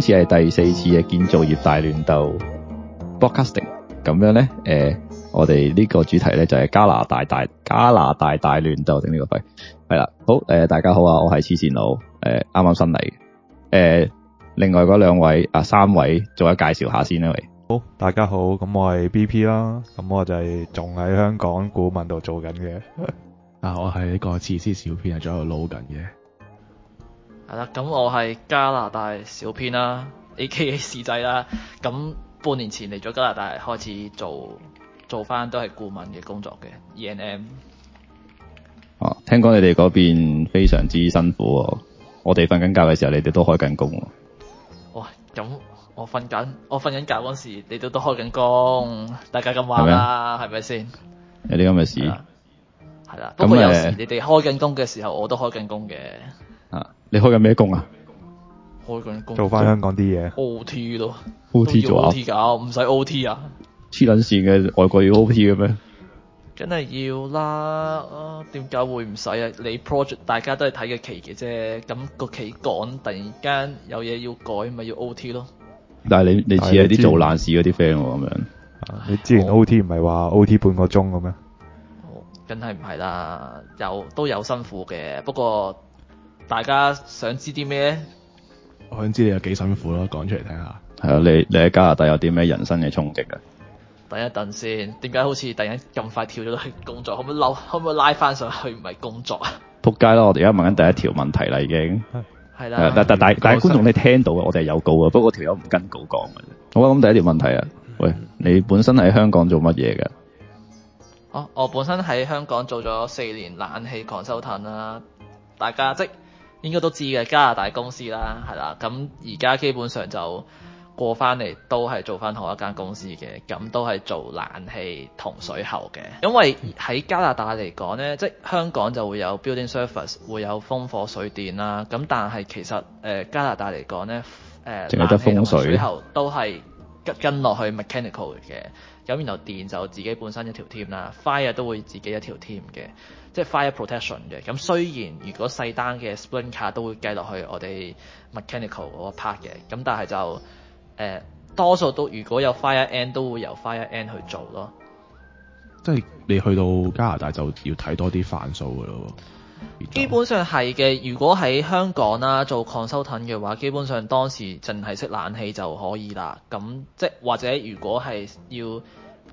呢次係第四次嘅建造業大亂鬥 Broadcasting，咁樣咧，誒、呃，我哋呢個主題咧就係加拿大大加拿大大亂鬥，整呢、這個題係啦。好誒、呃，大家好啊，我係黐線佬，誒、呃，啱啱新嚟。誒、呃，另外嗰兩位啊、呃，三位做一介紹下先啦，位、呃。好，大家好，咁我係 BP 啦，咁我就係仲喺香港股民度做緊嘅。 啊，我係呢個廁師小編，係做喺度撈緊嘅。係啦，咁我係加拿大小編啦、啊，A K A. 市制啦、啊。咁半年前嚟咗加拿大，開始做做翻都係顧問嘅工作嘅 E N M。哦、啊，聽講你哋嗰邊非常之辛苦、哦，我哋瞓緊覺嘅時候，你哋都開緊工、啊。哇，咁我瞓緊我瞓緊覺嗰時，你哋都開緊工，大家咁話啦，係咪先？吧有啲咁嘅事。係啦，不過麼有時你哋開緊工嘅時候，我都開緊工嘅。你開緊咩工啊？開緊工，做翻香港啲嘢。O T 咯，O T 做 OT OT 啊，唔使 O T 啊？黐捻線嘅外國要 O T 嘅咩？梗係要啦，啊，點解會唔使啊？你 project 大家都係睇嘅期嘅啫，咁個期趕，突然間有嘢要改，咪要 O T 咯？但係你你似係啲做爛事嗰啲 friend 咁樣，你之前 O T 唔係話 O T 半個鐘咁咩？哦，梗係唔係啦，有都有辛苦嘅，不過。大家想知啲咩？我想知你有幾辛苦咯，講出嚟聽下。係啊，你你喺加拿大有啲咩人生嘅衝擊啊？等一等先，點解好似突然間咁快跳咗去工作？可唔可以嬲？可唔可以拉翻上去唔係工作啊？仆街咯！我哋而家問緊第一條問題啦已經。係係啦。但但但但係觀眾的你聽到嘅，我哋係有稿嘅，不過條友唔跟稿講。我諗第一條問題啊，的喂，你本身喺香港做乜嘢㗎？我、哦、我本身喺香港做咗四年冷氣狂收碳啦，大家即。應該都知嘅，加拿大公司啦，係啦，咁而家基本上就過翻嚟都係做翻同一間公司嘅，咁都係做冷氣同水喉嘅，因為喺加拿大嚟講呢，即係香港就會有 building service，會有風火水電啦，咁但係其實、呃、加拿大嚟講呢，誒、呃、冷氣同水喉都係跟落去 mechanical 嘅。咁然後電就自己本身一條 team 啦，fire 都會自己一條 team 嘅，即係 fire protection 嘅。咁雖然如果細單嘅 spring 卡都會計落去我哋 mechanical 嗰個 part 嘅，咁但係就呃，多數都如果有 fire end 都會由 fire end 去做咯。即係你去到加拿大就要睇多啲範數㗎咯。基本上係嘅，如果喺香港啦做 consultant 嘅話，基本上當時淨係識冷氣就可以啦。咁即係或者如果係要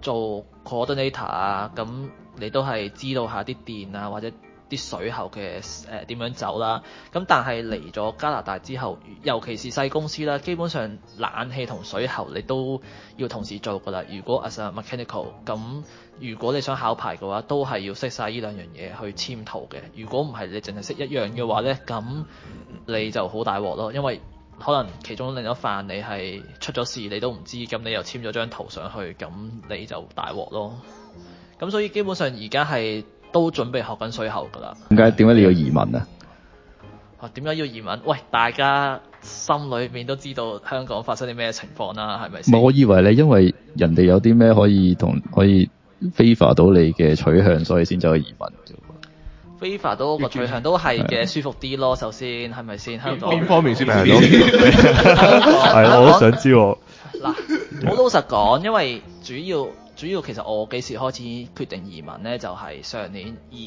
做 coordinator 啊，咁你都係知道下啲電啊或者。啲水喉嘅呃、點樣走啦，咁但係嚟咗加拿大之後，尤其是細公司啦，基本上冷氣同水喉你都要同時做噶啦。如果、As a mechanical 咁，如果你想考牌嘅話，都係要識曬呢兩樣嘢去簽圖嘅。如果唔係你淨係識一樣嘅話呢，咁你就好大鑊咯，因為可能其中另一份你係出咗事你都唔知，咁你又簽咗張圖上去，咁你就大鑊咯。咁所以基本上而家係。都準備學緊水喉㗎啦！點解？點解你要移民啊？點解要移民？喂，大家心裏面都知道香港發生啲咩情況啦、啊，係咪先？唔係，我以為你因為人哋有啲咩可以同可以 favor 到你嘅取向，所以先走去移民。favor 到個取向都係嘅，吧舒服啲咯，首先係咪先？香港邊方面舒服啲？係 港， 我都想知道。嗱港，好老實講，因為主要。主要其實我幾時開始決定移民呢？就係、是、上年二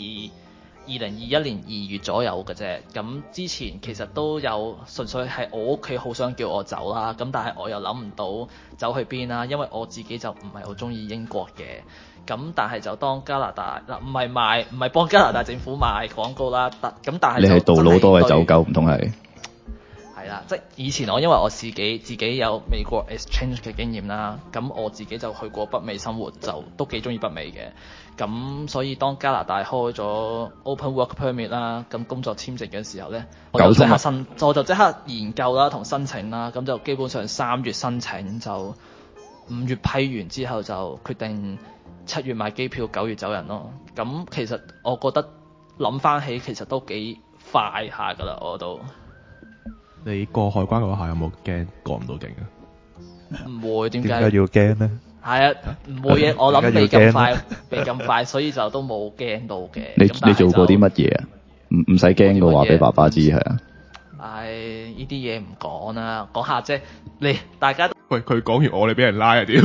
二零二一年二月左右嘅啫。咁之前其實都有純粹係我屋企好想叫我走啦。咁但係我又諗唔到走去邊啦，因為我自己就唔係好中意英國嘅。咁但係就當加拿大嗱，唔係賣唔係幫加拿大政府賣廣告啦。咁、嗯、但係你係道路多嘅走狗，唔通係。係啦，即以前我因為我自己自己有美國 exchange 嘅經驗啦，咁我自己就去過北美生活，就都幾中意北美嘅。咁所以當加拿大開咗 Open Work Permit 啦，咁工作簽證嘅時候呢，我就即刻申，我就即刻研究啦同申請啦，咁就基本上三月申請就五月批完之後就決定七月買機票，九月走人咯。咁其實我覺得諗返起其實都幾快下㗎啦，我都。你過海關嗰下有冇驚過唔到境啊？唔會，點解要驚咧？係啊，唔會嘅。我諗你咁快，你咁快，所以就都冇驚到嘅。你你做過啲乜嘢啊？唔唔使驚嘅話，俾爸爸知係啊。唉，呢啲嘢唔講啦，講下啫。你大家喂佢講完我，你俾人拉啊屌！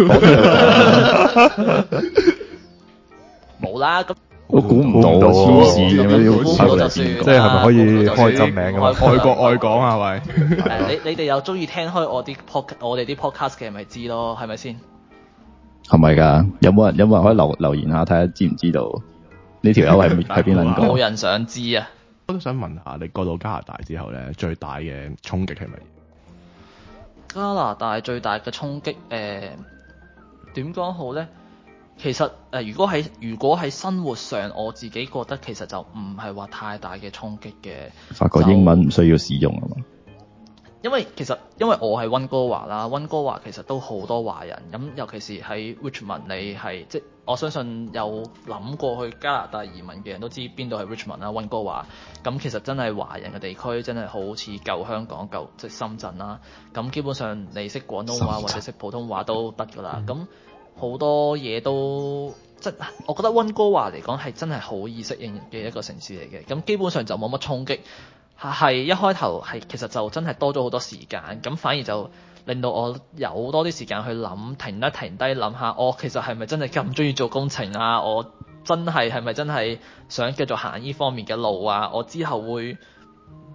冇啦咁。我估唔到，到啊！黐線咁我估我即係咪可以開以執名咁。不不開國愛國愛港啊，係咪？你你哋有中意聽開我啲 p o 我哋啲 podcast 嘅咪知咯，係咪先？係咪㗎？有冇人有冇人可以留留言下睇下知唔知道呢條友係係邊輪講？冇人想知啊！我都想問下你過到加拿大之後咧，最大嘅衝擊係咪？加拿大最大嘅衝擊誒點講好咧？其實、呃、如果喺如果喺生活上，我自己覺得其實就唔係話太大嘅衝擊嘅。法國英文唔需要使用啊嘛。因為其實因為我係温哥華啦，温哥華其實都好多華人，咁尤其是喺 Richmond 你係即我相信有諗過去加拿大移民嘅人都知邊度係 Richmond 啦、啊，温哥華。咁其實真係華人嘅地區，真係好似舊香港舊即係深圳啦。咁基本上你識廣東話或者識普通話都得㗎啦。咁深圳好多嘢都，即係我覺得温哥華嚟講係真係好易適應嘅一個城市嚟嘅，咁基本上就冇乜衝擊。係一開頭係其實就真係多咗好多時間，咁反而就令到我有多啲時間去諗停一停低諗下，我、哦、其實係咪真係咁中意做工程啊？我真係係咪真係想繼續行呢方面嘅路啊？我之後會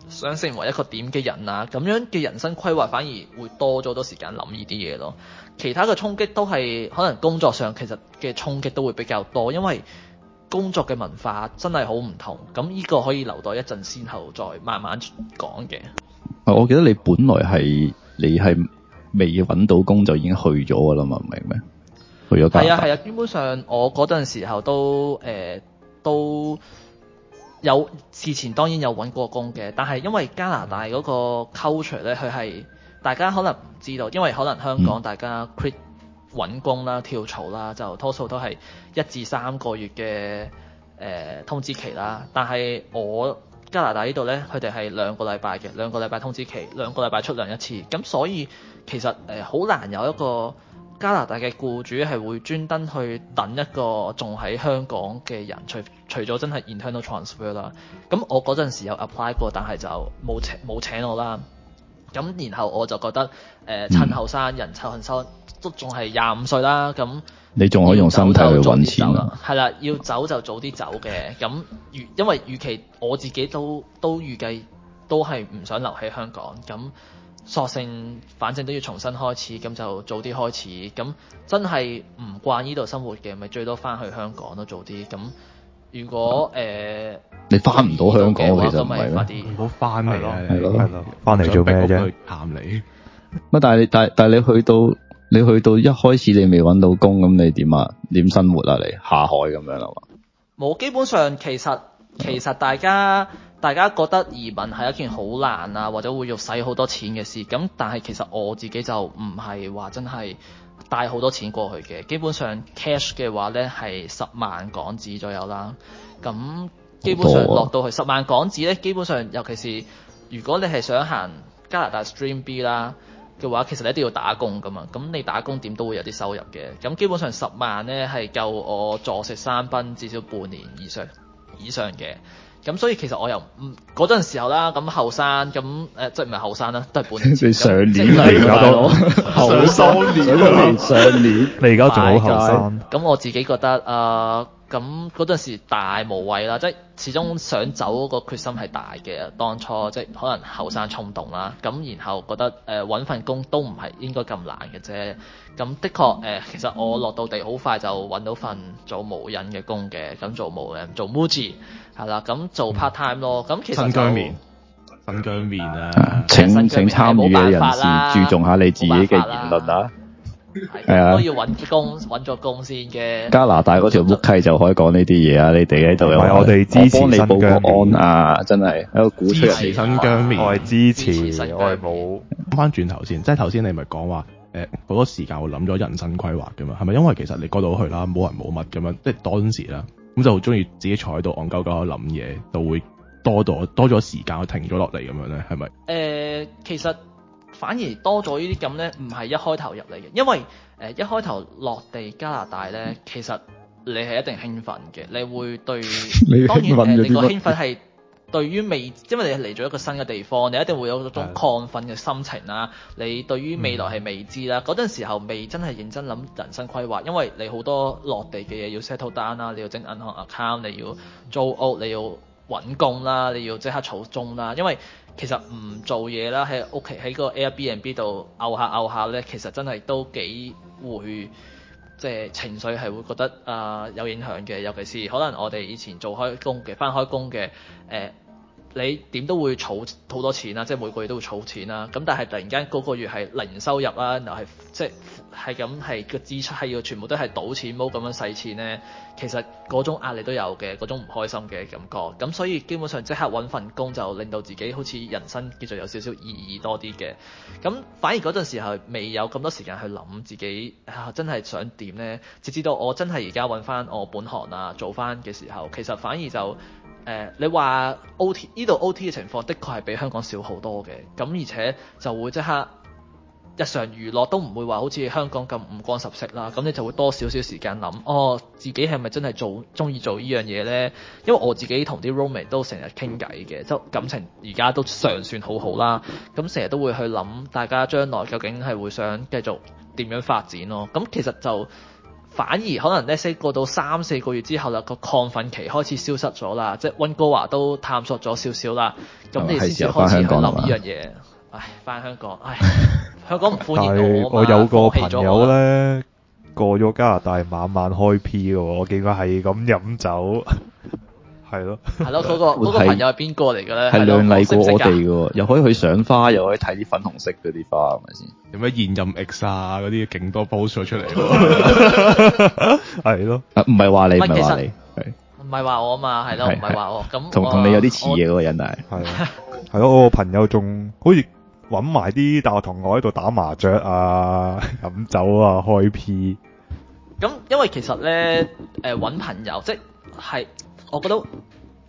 想成為一個點嘅人啊？咁樣嘅人生規劃反而會多咗多時間諗呢啲嘢咯。其他嘅衝擊都係可能工作上其實嘅衝擊都會比較多，因為工作嘅文化真係好唔同。咁呢個可以留待一陣先後再慢慢講嘅。我記得你本來係你係未搵到工就已經去咗噶啦嘛？明唔明？去咗。係啊，係啊，基本上我嗰陣時候都誒、呃、都有事前當然有搵過工嘅，但係因為加拿大嗰個 culture 咧，佢係。大家可能唔知道，因為可能香港大家 quit 揾工啦、跳槽啦，就多數都係一至三個月嘅誒、呃、通知期啦。但係我加拿大呢度呢，佢哋係兩個禮拜嘅，兩個禮拜通知期，兩個禮拜出糧一次。咁所以其實好、呃、難有一個加拿大嘅僱主係會專登去等一個仲喺香港嘅人，除除咗真係 n a l transfer 啦。咁我嗰陣時有 apply 過，但係就冇冇請,請我啦。咁然後我就覺得誒，趁後生人趁後生都仲係廿五歲啦，咁你仲可以用身體去揾錢，係啦，要走就早啲走嘅。咁因為與其我自己都都預計都係唔想留喺香港，咁索性反正都要重新開始，咁就早啲開始。咁真係唔慣呢度生活嘅，咪最多翻去香港咯，早啲咁。如果誒，嗯呃、你翻唔到香港喎，哇其實唔好翻咪咯，翻嚟做咩啫？去探你。但係但係但係你去到你去到一開始你未揾到工，咁你點啊？點生活啊？你下海咁樣啊冇？嗯嗯、基本上其實其實大家大家覺得移民係一件好難啊，或者會要使好多錢嘅事。咁但係其實我自己就唔係話真係。帶好多錢過去嘅，基本上 cash 嘅話呢係十萬港紙左右啦。咁基本上落到去十萬港紙呢，基本上尤其是如果你係想行加拿大 Stream B 啦嘅話，其實你一定要打工㗎嘛。咁你打工點都會有啲收入嘅。咁基本上十萬呢係夠我坐食三分至少半年以上以上嘅。咁所以其實我又唔嗰陣時候啦，咁後生咁，即係唔係後生啦，都係上年嚟噶多，對上三年，上年，上年你而家仲好後生。咁我自己覺得啊，咁嗰陣時大無畏啦，即係始終想走嗰個決心係大嘅，當初即係可能後生衝動啦。咁然後覺得誒揾、呃、份工都唔係應該咁難嘅啫。咁的確誒、呃，其實我落到地好快就揾到份做無印嘅工嘅，咁做無印做 Muji。係啦，咁做 part time 咯。咁其實新疆棉，新疆棉啊！請請參與嘅人士注重下你自己嘅言論啊！係啊，都要揾工揾咗工先嘅。加拿大嗰條木溪就可以講呢啲嘢啊！你哋喺度有，唔係我哋支持你報個案啊！真係喺度支持新疆棉。我係支持，我係冇。翻翻轉頭先，即係頭先你咪講話，誒好多時間我諗咗人生規劃噶嘛，係咪？因為其實你嗰度去啦，冇人冇物咁樣，即係當時啦。咁就好中意自己坐喺度戇鳩鳩諗嘢，就會多咗多咗時間，去停咗落嚟咁樣咧，係咪？呃，其實反而多咗呢啲咁咧，唔係一開頭入嚟嘅，因為一開頭落地加拿大咧，其實你係一定興奮嘅，你會對你的 當然勻你個興奮係。 對於未，因為你嚟咗一個新嘅地方，你一定會有嗰種亢奮嘅心情啦。的你對於未來係未知啦，嗰陣、嗯、時候未真係認真諗人生規劃，因為你好多落地嘅嘢要 settle down 啦，你要整銀行 account，你要租屋，你要揾工啦，你要即刻儲鐘啦。因為其實唔做嘢啦，喺屋企喺個 Airbnb 度拗下拗下呢，其實真係都幾會，即係情緒係會覺得啊、呃、有影響嘅，尤其是可能我哋以前做開工嘅，返開工嘅你點都會儲好多錢啦，即係每個月都會儲錢啦。咁但係突然間嗰個月係零收入啦，然後係即係係咁係個支出係要全部都係賭錢冇咁樣使錢呢。其實嗰種壓力都有嘅，嗰種唔開心嘅感覺。咁所以基本上即刻揾份工就令到自己好似人生叫做有少少意義多啲嘅。咁反而嗰陣時候未有咁多時間去諗自己，啊，真係想點呢？直至到我真係而家揾翻我本行啊，做翻嘅時候，其實反而就。誒、呃，你話 O.T. 呢度 O.T. 嘅情況，的確係比香港少好多嘅。咁而且就會即刻日常娛樂都唔會話好似香港咁五光十色啦。咁你就會多少少時間諗，哦，自己係咪真係做中意做呢樣嘢呢？因為我自己同啲 roommate 都成日傾偈嘅，就感情而家都尚算好好啦。咁成日都會去諗，大家將來究竟係會想繼續點樣發展咯。咁其實就～反而可能呢過到三四個月之後，啦個亢奮期開始消失咗啦，即係溫哥華都探索咗少少啦，咁你先至開始講諗呢樣嘢。唉，翻香港，唉， 香港唔歡迎我，我放棄咗 我有個朋友咧，過咗加拿大，晚晚開 P 嘅，我見佢係咁飲酒。 係咯，係咯，嗰個個朋友係邊個嚟嘅咧？係靚麗過我哋嘅，又可以去賞花，又可以睇啲粉紅色嗰啲花，係咪先？有咩現任 EX 啊？嗰啲勁多 post 出嚟，係咯，唔係話你，其實話你，唔係話我嘛？係咯，唔係話我，咁我同你有啲似嘢嘅，個人係咯，我個朋友仲好似搵埋啲大學同學喺度打麻雀啊、飲酒啊、開 P。咁因為其實咧，誒搵朋友即係。我覺得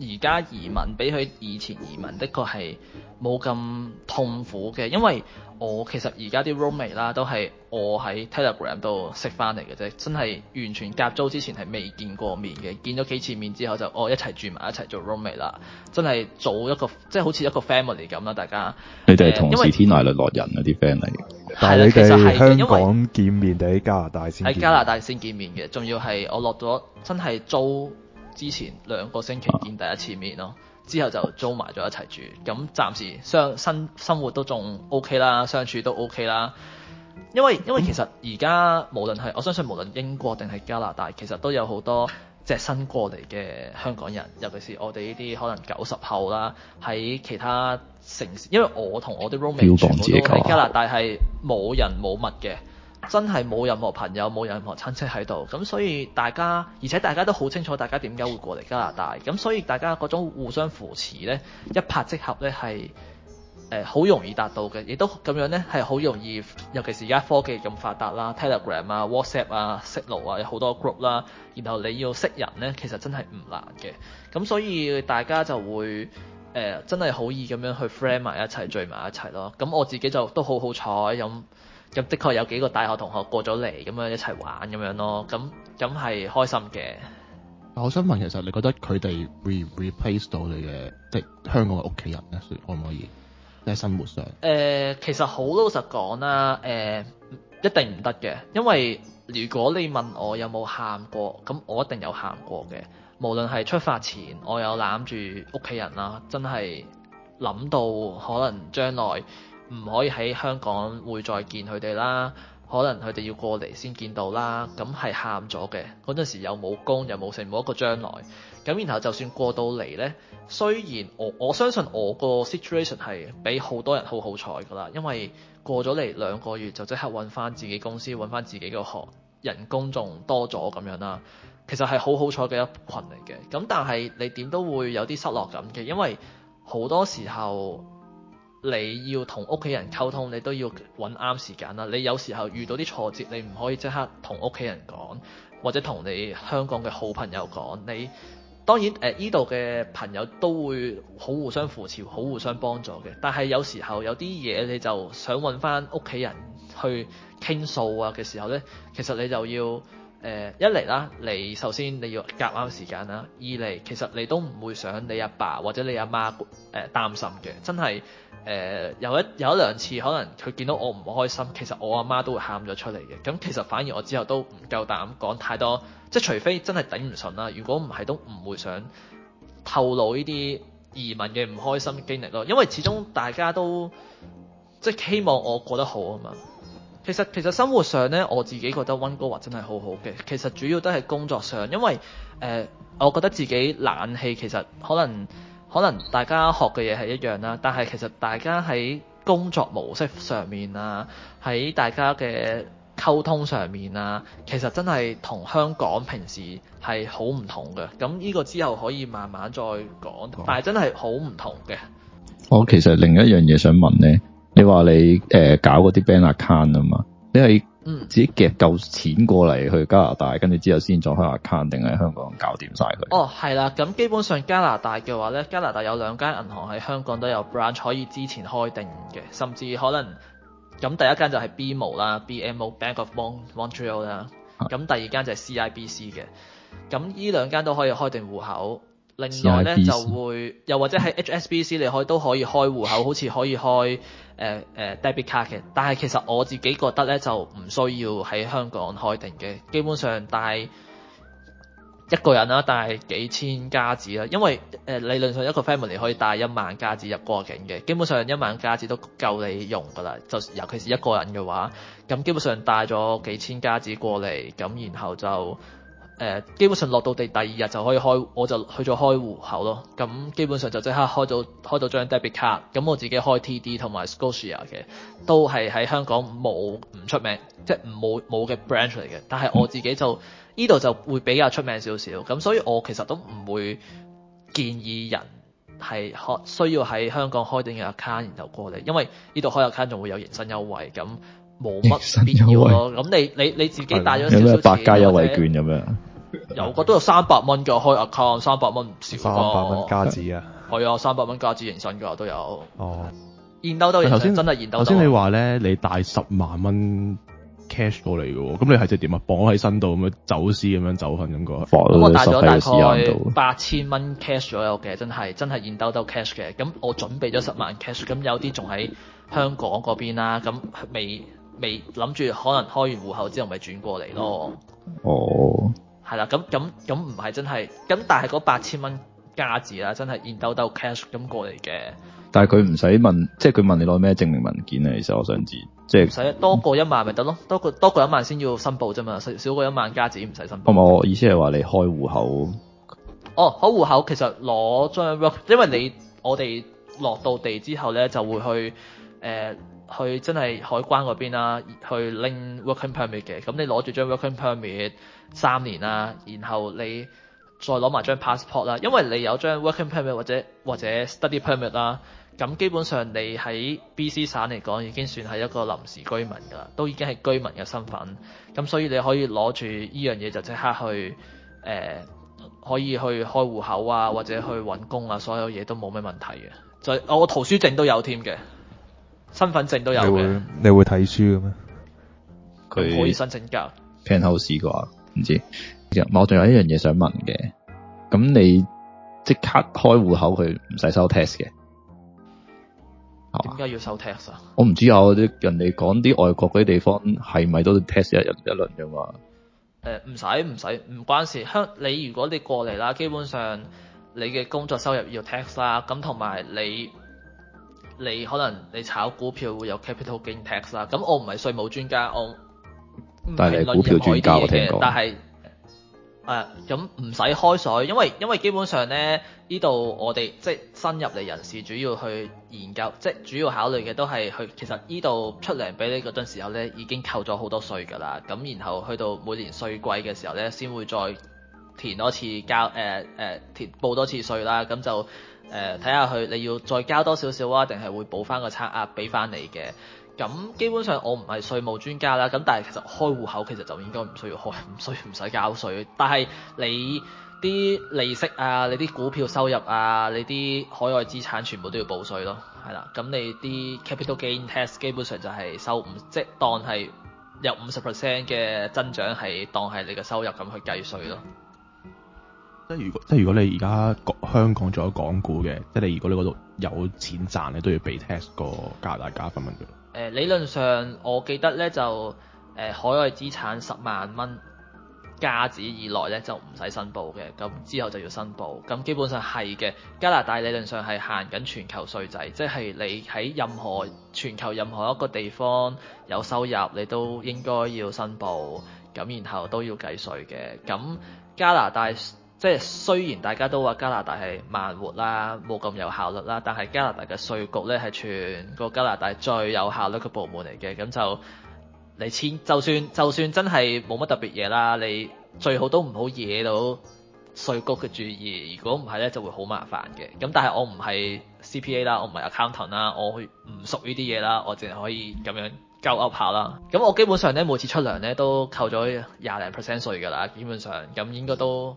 而家移民比佢以前移民的確係冇咁痛苦嘅，因為我其實而家啲 roommate 啦都係我喺 Telegram 度識翻嚟嘅啫，真係完全夾租之前係未見過面嘅，見咗幾次面之後就我一齊住埋一齊做 roommate 啦，真係做一個即係好似一個 family 咁啦，大家。你哋係同時天涯淪落人嗰啲 friend 嚟嘅。係啦為，其實喺香港見面，定喺加拿大先？喺加拿大先見面嘅，仲要係我落咗真係租。之前兩個星期見第一次面咯，啊、之後就租埋咗一齊住，咁暫時相生生活都仲 OK 啦，相處都 OK 啦。因為因為其實而家、嗯、無論係我相信無論英國定係加拿大，其實都有好多隻新過嚟嘅香港人，尤其是我哋呢啲可能九十後啦，喺其他城市，因為我同我啲 roommate 全部都喺加拿大冇冇，係冇人冇物嘅。真係冇任何朋友，冇任何親戚喺度，咁所以大家而且大家都好清楚大家點解會過嚟加拿大，咁所以大家嗰種互相扶持呢，一拍即合呢，係、呃、好容易達到嘅，亦都咁樣呢，係好容易，尤其是而家科技咁發達啦 Telegram 啊 WhatsApp 啊 Signal 啊有好多 group 啦，然後你要識人呢，其實真係唔難嘅，咁所以大家就會誒、呃、真係好易咁樣去 friend 埋一齊，聚埋一齊咯，咁我自己就都好好彩咁。咁的確有幾個大學同學過咗嚟，咁樣一齊玩咁樣咯，咁咁係開心嘅。我想問，其實你覺得佢哋會 replace 到你嘅，即香港嘅屋企人咧，算可唔可以？即係生活上。呃，其實好老實講啦，呃，一定唔得嘅。因為如果你問我有冇喊過，咁我一定有喊過嘅。無論係出發前，我有攬住屋企人啦，真係諗到可能將來。唔可以喺香港會再見佢哋啦，可能佢哋要過嚟先見到啦，咁係喊咗嘅。嗰陣時又冇工，又冇成冇一個將來。咁然後就算過到嚟呢，雖然我我相信我個 situation 係比好多人好好彩㗎啦，因為過咗嚟兩個月就即刻揾翻自己公司，揾翻自己個學人工仲多咗咁樣啦。其實係好好彩嘅一群嚟嘅。咁但係你點都會有啲失落感嘅，因為好多時候。你要同屋企人溝通，你都要揾啱時間啦。你有時候遇到啲挫折，你唔可以即刻同屋企人講，或者同你香港嘅好朋友講。你當然誒依度嘅朋友都會好互相扶持，好互相幫助嘅。但係有時候有啲嘢你就想揾翻屋企人去傾訴啊嘅時候呢，其實你就要誒、呃、一嚟啦，你首先你要夾啱時間啦。二嚟其實你都唔會想你阿爸，爸或者你阿媽誒擔心嘅，真係。誒、呃、有一有一兩次，可能佢見到我唔開心，其實我阿媽都會喊咗出嚟嘅。咁其實反而我之後都唔夠膽講太多，即係除非真係頂唔順啦。如果唔係，都唔會想透露呢啲移民嘅唔開心經歷咯。因為始終大家都即係希望我過得好啊嘛。其實其實生活上呢，我自己覺得溫哥華真係好好嘅。其實主要都係工作上，因為誒、呃，我覺得自己冷氣其實可能。可能大家學嘅嘢係一樣啦，但係其實大家喺工作模式上面啊，喺大家嘅溝通上面啊，其實真係同香港平時係好唔同嘅。咁呢個之後可以慢慢再講，但係真係好唔同嘅。哦。我其實另一樣嘢想問咧，你話你、呃、搞嗰啲 bank account 嘛？你係。嗯，自己夾夠錢過嚟去加拿大，跟住之後先再開 account，定係香港搞掂晒佢？哦，係啦，咁基本上加拿大嘅話咧，加拿大有兩間銀行喺香港都有 branch 可以之前開定嘅，甚至可能咁第一間就係 BMO 啦，BMO Bank of Montreal 啦，咁是第二間就係 CIBC 嘅，咁呢兩間都可以開定戶口，另外咧 CIBC? 就會又或者喺 HSBC 你可以 都可以開戶口，好似可以開。誒誒 debit 卡嘅，但係其實我自己覺得咧就唔需要喺香港開定嘅，基本上帶一個人啦，帶幾千加紙啦，因為誒、呃、理論上一個 family 可以帶一萬加紙入過境嘅，基本上一萬加紙都夠你用噶啦，就尤其是一個人嘅話，咁基本上帶咗幾千加紙過嚟，咁然後就。基本上落到地第二日就可以開，我就去咗開戶口咯。咁基本上就即刻開咗開咗張 debit 卡。咁我自己開 TD 同埋 Scotia 嘅，都係喺香港冇唔出名，即係冇冇嘅 branch 嚟嘅。但係我自己就呢度、嗯、就會比較出名少少。咁所以我其實都唔會建議人係需要喺香港開定嘅 account，然後過嚟，因為呢度開 account 仲會有迎新優惠，咁冇乜必要咯、啊。咁你你你自己帶咗少少百佳優惠券咁樣。有個、啊、都有三百蚊嘅開 account。三百蚊唔少過三百蚊加資啊？係啊、哦，三百蚊加資迎新嘅都有哦。現兜兜，頭先真係現兜兜。頭先你話咧，你帶十萬蚊 cash 過嚟嘅，咁你係隻點啊？綁喺身度咁樣走私咁樣走份咁樣，咁我帶咗大概八千蚊 cash 左右嘅，真係真係現兜兜 cash 嘅。咁我準備咗十萬 cash，咁有啲仲喺香港嗰邊啦，咁未未諗住可能開完戶口之後咪轉過嚟咯。哦。係啦，咁咁咁唔係真係咁，但係嗰八千蚊價值啦，真係現兜兜 cash 咁過嚟嘅。但係佢唔使問，即係佢問你攞咩證明文件啊？其實我想知，即係唔使多過一萬咪得咯，多過多過一萬先要申報啫嘛，少少過一萬加值唔使申報。唔係我意思係話你開戶口。哦，開戶口其實攞張 work 因為你我哋落到地之後咧，就會去誒。呃去真係海關嗰邊啦、啊，去拎 working permit 嘅。咁你攞住張 working permit 三年啦、啊，然後你再攞埋張 passport 啦。因為你有張 working permit 或者或者 study permit 啦，咁基本上你喺 BC 省嚟講已經算係一個臨時居民㗎啦，都已經係居民嘅身份。咁所以你可以攞住依樣嘢就即刻去、呃、可以去開戶口啊，或者去揾工啊，所有嘢都冇咩問題嘅。就我圖書證都有添嘅。身份證都有嘅。你會你會睇書嘅咩？佢可以申請㗎。聽後試嘅話，唔知。我仲有一樣嘢想問嘅。咁你即刻開戶口，佢唔使收 tax 嘅。點解要收 tax 啊？我唔知有啲、啊、人哋講啲外國嗰啲地方係咪都要 tax 一日一輪嘅嘛？誒唔使唔使唔關事。香你如果你過嚟啦，基本上你嘅工作收入要 tax 啦，咁同埋你。你可能你炒股票會有 capital gain tax 啦，咁我唔係稅務專家，我唔論任何嘢嘅，但係誒咁唔使開水，因為因為基本上咧呢度我哋即係新入嚟人士主要去研究，即係主要考慮嘅都係去，其實呢度出糧俾你嗰陣時候咧已經扣咗好多稅㗎啦，咁然後去到每年稅季嘅時候咧先會再填多次交誒、呃、填報多次稅啦，咁就。誒睇下佢，你要再交多少少啊？定係會補翻個差額俾翻你嘅？咁基本上我唔係稅務專家啦，咁但係其實開戶口其實就應該唔需要開，唔需唔使交稅。但係你啲利息啊，你啲股票收入啊，你啲海外資產全部都要補稅咯，係啦。咁你啲 capital gain test 基本上就係收唔，即當係有五十 percent 嘅增長係當係你嘅收入咁去計稅咯。即係如果即係如果你而家港香港做咗港股嘅，即係你如果你嗰度有錢賺，你都要俾 tax 個加拿大加分分㗎、呃。理論上我記得咧就、呃、海外資產十萬蚊加紙以內咧就唔使申報嘅，咁之後就要申報，咁基本上係嘅。加拿大理論上係行緊全球稅制，即係你喺任何全球任何一個地方有收入，你都應該要申報，咁然後都要計稅嘅。咁加拿大即係雖然大家都話加拿大係慢活啦，冇咁有效率啦，但係加拿大嘅稅局咧係全個加拿大最有效率嘅部門嚟嘅。咁就你千就算就算真係冇乜特別嘢啦，你最好都唔好惹到稅局嘅注意。如果唔係咧，就會好麻煩嘅。咁但係我唔係 CPA 啦，我唔係 accountant 啦，我唔熟呢啲嘢啦，我淨係可以咁樣鳩噏下啦。咁我基本上咧每次出糧咧都扣咗廿零 percent 稅㗎啦，基本上咁應該都。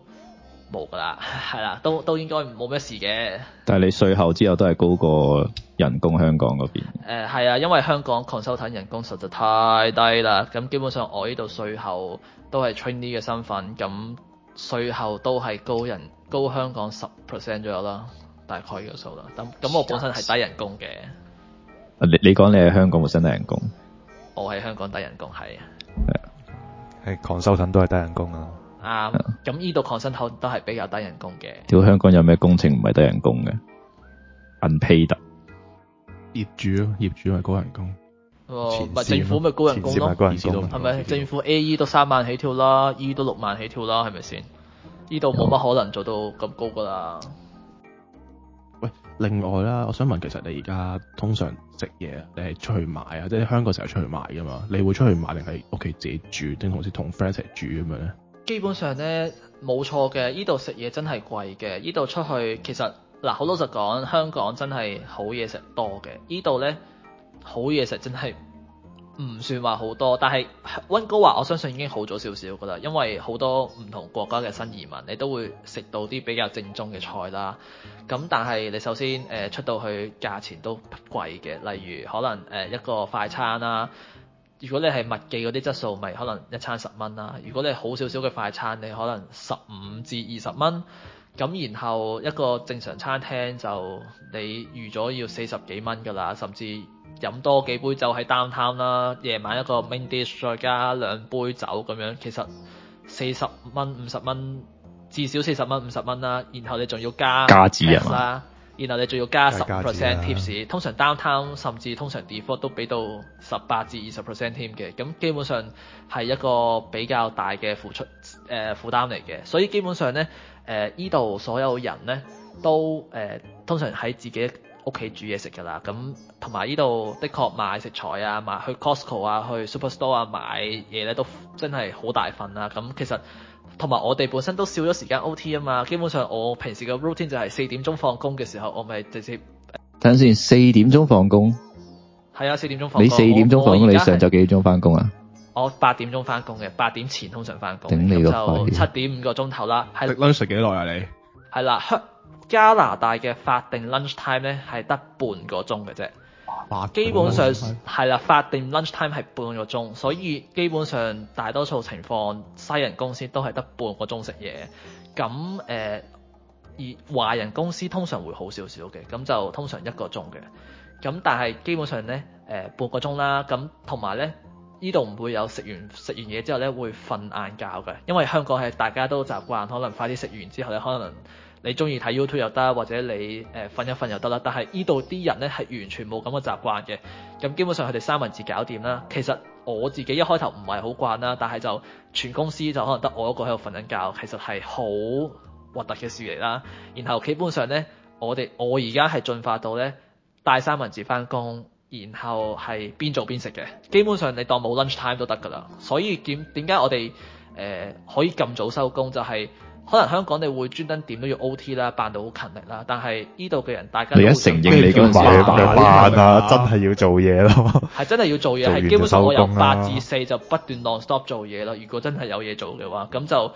冇噶啦，係啦，都都應該冇咩事嘅。但係你稅後之後都係高過人工香港嗰邊？呃，係啊，因為香港 consulting 人工實在太低啦。咁基本上我呢度稅後都係 trainee 嘅身份，咁稅後都係高人高香港十 percent 左右啦，大概呢數啦。咁咁我本身係低人工嘅。啊，你你講你係香港本身低人工？我係香港低人工係。係，係 consulting 都係低人工啊。啱咁，呢度抗新口都係比較低人工嘅。跳香港有咩工程唔係低人工嘅？銀批得業主啊，業主係高人工。哦師，唔係政府咪高人工咯？係咪政府 A E 都三萬起跳啦、啊、，E 都六萬起跳啦？係咪先？呢度冇乜可能做到咁高㗎啦。喂，另外啦，我想問，其實你而家通常食嘢，你係出去買啊？即係香港成日出去買㗎嘛？你會出去買定係屋企自己煮，定還是同 friend 一齊煮咁樣咧？基本上呢，冇錯嘅，依度食嘢真係貴嘅。依度出去其實，嗱，好老實講，香港真係好嘢食多嘅，依度呢，好嘢食真係唔算話好多。但係溫哥華我相信已經好咗少少㗎啦，因為好多唔同國家嘅新移民，你都會食到啲比較正宗嘅菜啦。咁但係你首先，呃、出到去價錢都不貴嘅，例如可能一個快餐啦。如果你係麥記嗰啲質素，咪可能一餐十蚊啦。如果你好少少嘅快餐，你可能十五至二十蚊。咁然後一個正常餐廳就你預咗要四十幾蚊㗎啦，甚至飲多幾杯酒喺 downtown 啦。夜晚一個 main dish 再加兩杯酒咁樣，其實四十蚊五十蚊，至少四十蚊五十蚊啦。然後你仲要加加脂啦。然後你仲要加十 percent 貼士，啊、 通常 downtime 甚至通常 default 都俾到十八至二十 percent 添嘅，咁基本上係一個比較大嘅付出、呃、負擔嚟嘅，所以基本上呢，呢依度所有人呢都、呃、通常喺自己屋企煮嘢食㗎啦，咁同埋依度的確買食材啊，買去 Costco 啊，去 Superstore 啊買嘢咧、啊、都真係好大份啦、啊，咁其實。同埋我哋本身都少咗時間 O.T. 啊嘛，基本上我平時嘅 routine 就係四點鐘放工嘅時候，我咪直接。等先，四點鐘放工。係啊，四點鐘放工。你四點鐘放工，你上晝幾點鐘翻工啊？我八點鐘翻工嘅，八點前通常翻工。頂你個肺！就七點五個鐘頭啦。食 lunch 幾耐啊？你係啦，加拿大嘅法定 lunch time 咧係得半個鐘嘅啫。基本上係啦，法定 lunch time 係半個鐘，所以基本上大多數情況西人公司都係得半個鐘食嘢，咁誒、呃、而華人公司通常會好少少嘅，咁就通常一個鐘嘅，咁但係基本上呢，呃、半個鐘啦，咁同埋呢，呢度唔會有食完食完嘢之後呢會瞓晏覺嘅，因為香港係大家都習慣可能快啲食完之後呢，可能。你中意睇 YouTube 又得，或者你誒瞓一瞓又得啦。但係依度啲人呢，係完全冇咁嘅習慣嘅。咁基本上佢哋三文治搞掂啦。其實我自己一開頭唔係好慣啦，但係就全公司就可能得我一個喺度瞓緊覺，其實係好核突嘅事嚟啦。然後基本上呢，我哋我而家係進化到呢，帶三文治翻工，然後係邊做邊食嘅。基本上你當冇 lunch time 都得㗎啦。所以點點解我哋誒、呃、可以咁早收工就係、是？可能香港你會專登點都要 O T 啦，扮到好勤力啦。但係呢度嘅人，大家都你一承認你咁辦嘅扮啊，啊啊真係要做嘢咯。係 真係要做嘢，係基本上我由八至四就不斷 non stop 做嘢囉。如果真係有嘢做嘅話，咁就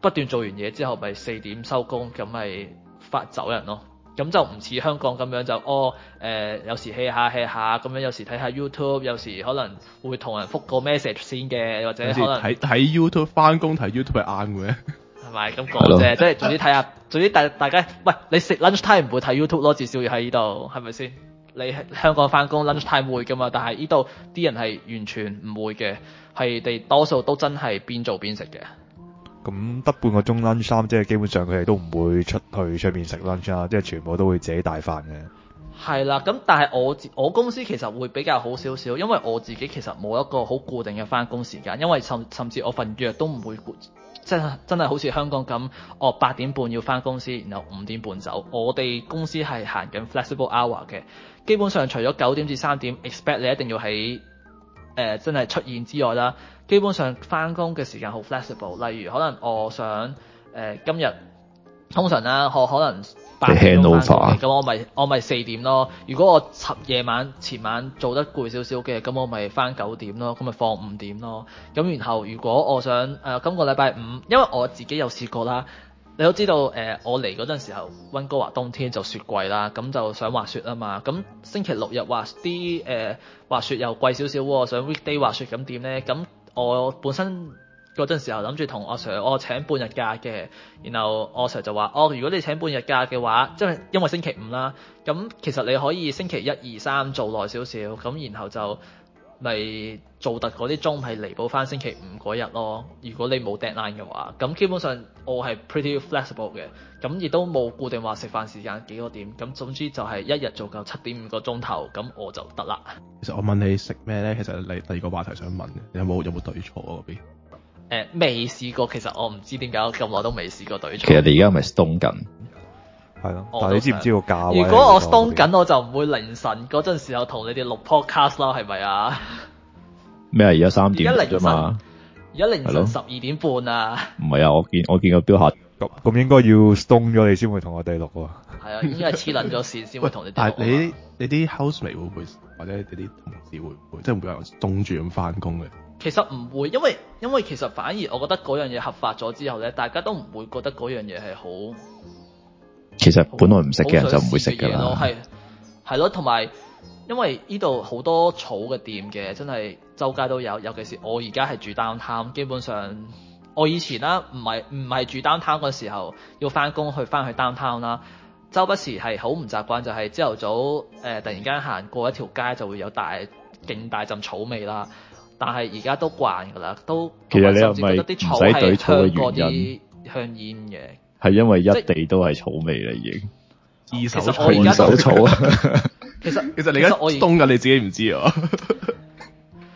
不斷做完嘢之後，咪、就、四、是、點收工，咁咪發走人咯。咁就唔似香港咁樣就哦有時 hea 下 hea 下咁樣，有時睇下 YouTube，有時可能會同人覆個 message 先嘅，或者可能睇睇 YouTube 翻工睇 YouTube 係硬嘅。 同埋咁講啫，即係總之睇下，總之大大家喂，你食 lunch time 唔會睇 YouTube 咯，至少要喺呢度，係咪先？你香港翻工 lunch time 會噶嘛，但係依度啲人係完全唔會嘅，係哋多數都真係邊做邊食嘅。咁得半個鐘 lunch time，即係基本上佢哋都唔會出去出面食 lunch 啦，即係全部都會自己帶飯嘅。係啦，咁但係我我公司其實會比較好少少，因為我自己其實冇一個好固定嘅翻工時間，因為甚甚至我份約都唔會真真係好似香港咁，我八點半要翻公司，然後五點半走。我哋公司係行緊 flexible hour 嘅，基本上除咗九點至三點 expect 你一定要喺、呃、真係出現之外啦，基本上翻工嘅時間好 flexible。例如可能我想、呃、今日通常啦，我可能。咁我咪我咪四點咯。如果我夜晚前晚做得攰少少嘅，咁我咪翻九點咯。咁咪放五點咯。咁然後如果我想誒、呃、今個禮拜五，因為我自己有試過啦。你都知道誒、呃，我嚟嗰陣時候，溫哥華冬天就雪櫃啦，咁就想滑雪啊嘛。咁星期六日滑啲誒、呃、滑雪又貴少少喎，想 weekday 滑雪咁點呢？咁我本身。嗰陣時候諗住同阿 Sir，我、哦、請半日假嘅，然後阿 Sir 就話，哦，如果你請半日假嘅話，即係因為星期五啦，咁其實你可以星期一、二、三做耐少少，咁然後就咪做突嗰啲鐘，係彌補翻星期五嗰日咯。如果你冇 deadline 嘅話，咁基本上我係 pretty flexible 嘅，咁亦都冇固定話食飯時間幾個點，咁總之就係一日做夠七點五個鐘頭，咁我就得啦。其實我問你食咩呢？其實你第二個話題想問嘅，有冇有冇對錯嗰邊？誒未試過其實我唔知點解咁耐都未試過隊草。其實你而家咪 stone 緊，係咯了？但你知唔知個價位我？如果我 stone 緊，我就唔會凌晨嗰陣時候同你哋錄 podcast 啦，係咪啊？咩啊？而家三點啫嘛！而家凌晨十二點半啊！唔係啊，我見我見個標下咁咁應該要 stone 咗你先會同我哋錄喎。係 啊，應該係黐撚咗線先會同你，、啊、你。但係你你啲 housemate 會唔會，或者你啲同事會唔會，即係唔會有 stone 住咁翻工嘅？其實唔會，因為因為其實反而我覺得嗰樣嘢合法咗之後呢，大家都唔會覺得嗰樣嘢係好。其實本來唔食嘅人就唔會食㗎啦。係，係咯，同埋因為呢度好多草嘅店嘅，真係周街都有。尤其是我而家係住 downtown，基本上我以前啦，唔係唔係住 downtown 嗰時候，要翻工去翻去 downtown 啦，周不時係好唔習慣，就係朝頭早誒、呃、突然間行過一條街就會有大勁大陣草味啦。但係而家都慣㗎啦，都其實你又唔係啲草係香過啲香煙嘅，係因為一地都係草味啦，已經草 實。二手草二手草啊！其實其實你而家凍㗎，你自己唔知啊。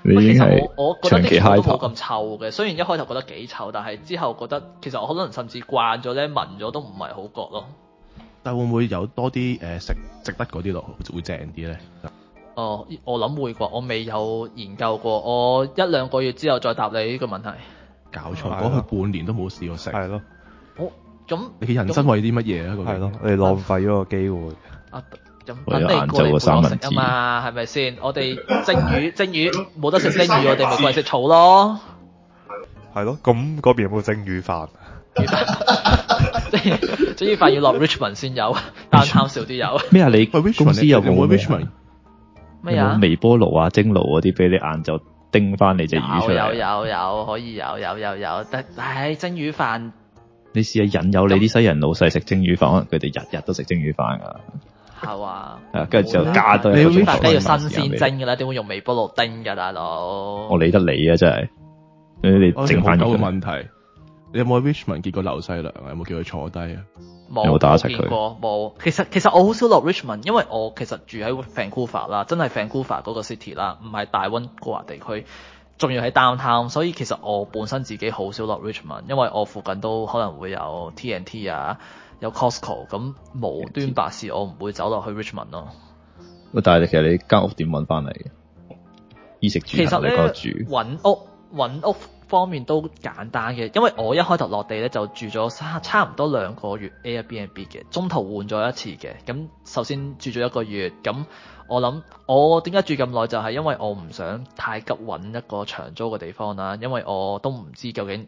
你已經係長期揩都冇咁臭嘅，雖然一開頭覺得幾臭，但係之後覺得其實我可能甚至慣咗咧，聞咗都唔係好覺咯。但會唔會有多啲食、呃、值得嗰啲落會正啲咧？哦，我諗會啩，我未有研究過，我一兩個月之後再答你呢個問題。搞錯，過去半年都冇試過食。係咯。好，咁你人生為啲乜嘢啊？係咯，你浪費咗個機會。啊，我哋晏晝個三文治嘛，係咪先？我哋蒸魚，蒸魚冇得食蒸魚，我哋咪過去食草咯。係咯，咁嗰邊有冇蒸魚飯？蒸魚飯要落 Richmond 先有，Downtown 少啲有。咩啊？你公司有冇？啊、有，有微波爐啊蒸爐嗰啲俾你晏晝叮翻你隻魚出嚟？有有有，可以有有有有，但係、哎、蒸魚飯。你試下引誘你啲西人老細食蒸魚飯，可能佢哋日日都食蒸魚飯噶。係啊，跟住、嗯、就加家你你，要你要蒸魚飯要新鮮蒸㗎啦，點會用微波爐叮㗎大佬？老我理得你啊真係，你哋整翻啲。你有冇喺 Richmond 見過劉世良，有冇叫佢坐低啊？冇見過，冇。其實其實我好少落 Richmond，因為我其實住喺 Vancouver 啦，真係 Vancouver 嗰個 city 啦，唔係大溫哥華地區，仲要喺 downtown，所以其實我本身自己好少落 Richmond，因為我附近都可能會有 TNT 啊，有 Costco，咁無端白事我唔會走落去 Richmond 咯、啊。喂，但係其實你間屋點揾翻嚟？衣食住你嗰個住。揾屋揾屋。方面都簡單嘅，因為我一開頭落地咧就住咗差唔多兩個月 Airbnb 嘅，中途換咗一次嘅。咁首先住咗一個月，咁我諗我點解住咁耐就係因為我唔想太急揾一個長租嘅地方啦，因為我都唔知究竟。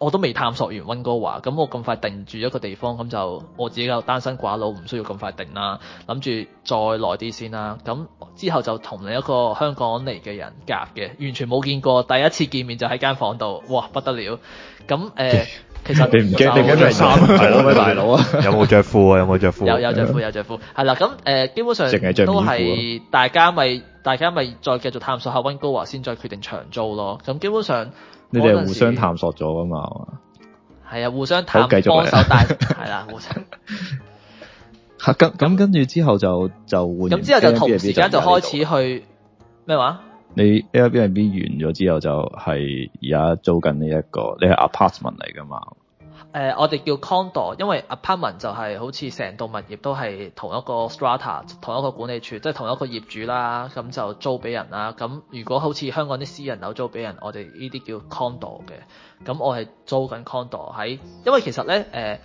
我都未探索完温哥華，咁我咁快定住一個地方，咁就我自己又單身寡佬，唔需要咁快定啦。諗住再耐啲先啦。咁之後就同另一個香港嚟嘅人夾嘅，完全冇見過，第一次見面就喺間房度，哇不得了！咁、呃、其實你唔驚？就你驚著衫啊？係咯，大佬啊，有冇着褲啊？有冇着褲、啊、 褲？有有着褲，有着褲。係啦，咁誒、呃、基本上都係大家咪大家咪再繼續探索下温哥華先，再決定長租咯。咁基本上。你哋係互相探索咗噶嘛？係啊，互相探，握手帶，係啦， 互相。嚇， 咁咁跟住之後就就換，咁之後就同時間就，就開始去咩話？你 Airbnb 完咗之後就係而家租緊呢一個，你係 apartment 嚟噶嘛？誒、呃，我哋叫 condo，因為 apartment 就係、是、好似成棟物業都係同一個 strata，同一個管理處，即係同一個業主啦，咁就租俾人啦。咁如果好似香港啲私人樓租俾人，我哋呢啲叫 condo 嘅，咁我係租緊 condo 喺，因為其實呢、呃，